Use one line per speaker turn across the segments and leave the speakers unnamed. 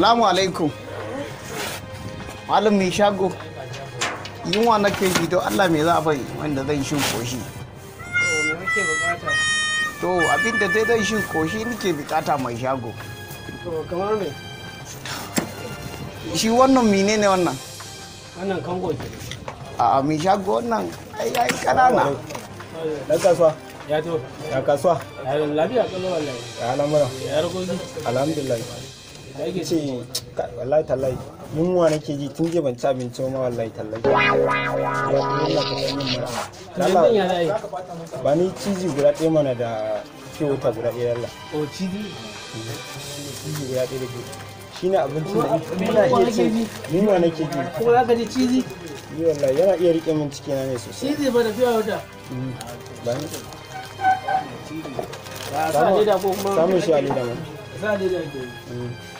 salamu alaikum malam mai shago yunwa na ke ji don allah mai za a bai wanda zan shi koshi to abinda zai zan shi koshi nike bukata mai shago kamar me shi wannan mine ne wannan wannan kango ke a mai shago wannan ai ai kanana dan kasuwa ya to ya kasuwa lafiya kallon wallahi ya lamura ya alhamdulillah ya ce wallahi yunwa nake ji tun je ci abinci ma wallahi ba ni ciji guda ɗaya mana da guda ɗaya lalla o oh, ciji ciji guda ɗaya da shi ne abinci da iya ce nake ji kuma za ka ji ciji wallahi yana iya riƙe min ciki na ne sosai ciji ba da mm. ba ni samun shi a leda mana za a leda ke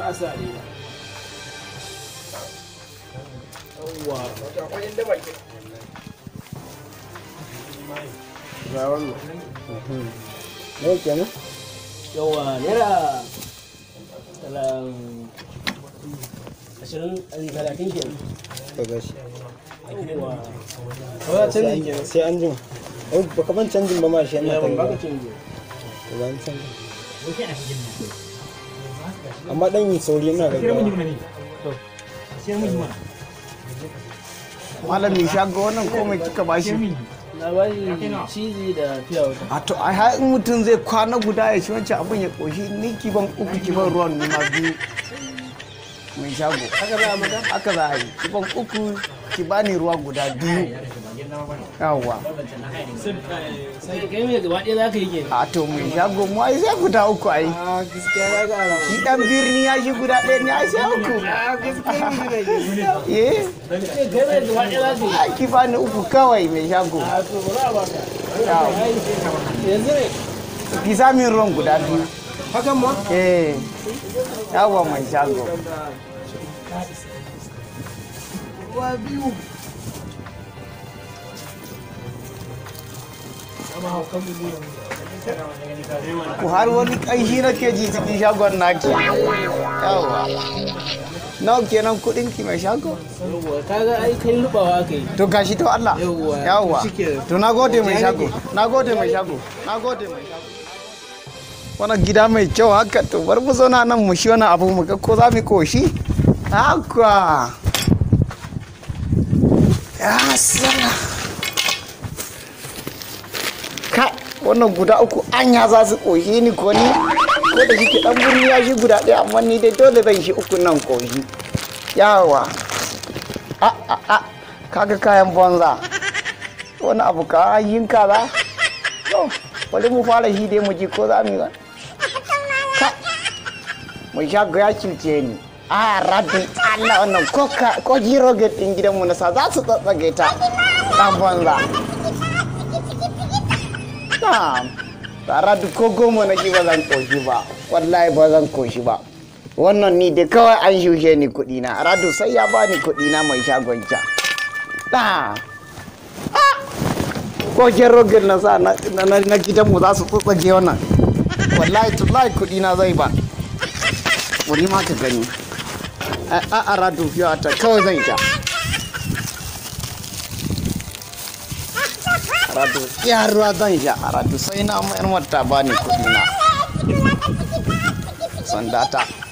ba sa rera ga wannan ashirin talatin sai an jima canjin ba ma shi yana ba ka ba ka amma dan yi sauri yana gaba. malam mai shago wannan komai kika bashi na bashi da fiya wata a to ai har in mutum zai kwana guda ya shi wancan abin ya koshi ni ki ban uku ki ban ruwan ni ma biyu mai shago haka za a yi ki ban uku ki bani ruwa guda biyu yawwa sai kai mai gaba ɗaya za ka yi ke a to mai shago mu ai sai guda uku ai shi dan birni ya shi guda ɗaya ne ai sai uku eh a ni uku kawai mai shago ki sami ruwan guda biyu hakan ma eh yawwa mai shago biyu ku wani ƙanshi na ke ji cikin shagon naki yawa nawa kenan kuɗin ki mai shago kaga ai tu gashi to Allah yawa mai shago nagode mai shago nagode mai shago wani gida mai kyau haka to bar mu zauna nan mu shi wani abu mu ga ko za mu koshi haka ya sana wannan guda uku anya za su ƙoshi ni ko ni ko da shike dan birni ya shi guda ɗaya amma ni dai dole zan shi uku nan ƙoshi yawa a a a kaga kayan bonza wani abu ka yin kaza to bari mu fara shi dai mu ji ko za mu yi mu sha ga cuce ni a rabin Allah wannan ko jiro gate gidanmu na sa za su tsatsage ta ɗan banza na tsara duk ko goma na ba zan koshi ba wallahi ba zan koshi ba wannan ni da kawai an shushe ni kudi na radu sai ya bani kudi na mai shagon can ah! Ko kokin rogin na sa na mu za su tsotsage wannan wallahi tullahi kudi na zai ba wuri ma ka gani a radu fiye ta kawai zan ita aradu ya ruwa zan sha aradu sai na mayar mata bani kuɗi na sandata